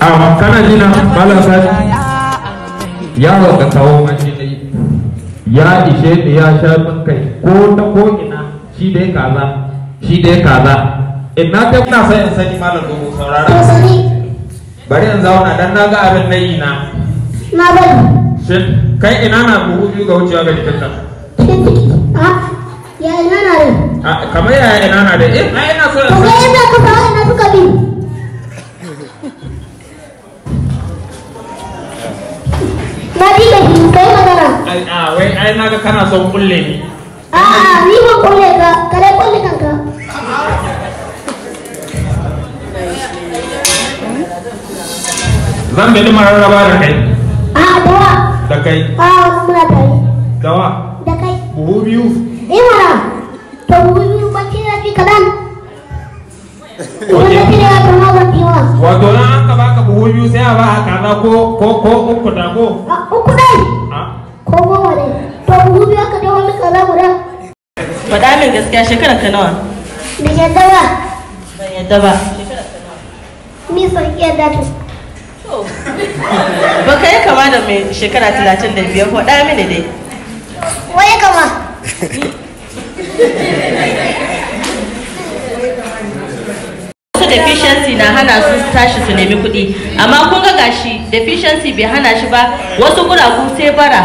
a kana jina malasa yaro ka kawo mashi dai ya ishe ni ya sha min kai ko ta ko ina shi dai kaza shi dai kaza ina ta kuna sai in sani malam dogo saurara bari in zauna dan na ga abin na yi na na bari shin kai ina na buhu biyu ga wucewa ga jikin nan ya ina na da kamar ya ina na da eh ai ina so to ga yanda kuka ina kuka bi na bi da shi kai magana ai a wai ai na ga kana son kulle ni a a ni ba kulle ka kare kulle kanka zan bi marar raba da kai a dawa da kai a muna tare dawa da kai buhu biyu Ina Imran, tawuyu da fi kadan. Wanda fi da kama bakiwa. Wato na an ka baka buhu biyu sai a baka kaza ko ko ko uku da ko. Uku dai. Ko goma ne? To buhu biyu aka dawo min kaza da? Faɗa min gaskiya shekarar ka nawa? Da yadda ba. Ban yadda ba. Shekarar ka nawa? Ni sauki yadda ta. Baka yi kama da mai shekara talatin da biyar faɗa mini dai. Wai kama. deficiency na hana su tashi su nemi kuɗi amma kun ga gashi deficiency bai hana shi ba wasu guragu sai bara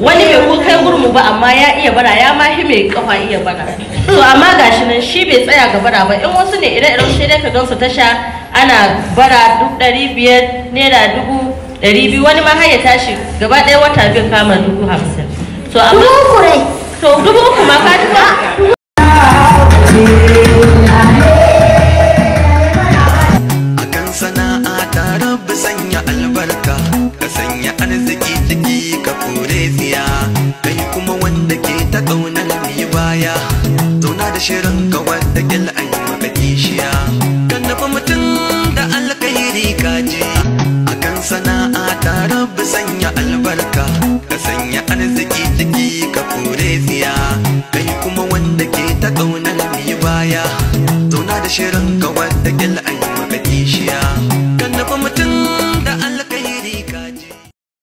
wani bai ku kai gurmu ba amma ya iya bara ya ma mai kafa iya bara to amma gashi nan shi bai tsaya ga bara ba in wasu ne ire-iren shi ka gansu tasha ana bara duk ɗari biyar naira dubu ɗari biyu wani ma har ya tashi gaba ɗaya wata biyu kama dubu hamsin so amma to dubu ka sanya albarka ka sanya arziki ka kai kuma wanda ke ta baya zauna da shirin ka wanda ka ka sanya arziki ciki ka kore siya kai kuma wanda ke ta ƙaunar biyu baya zauna da shirin ka wanda kila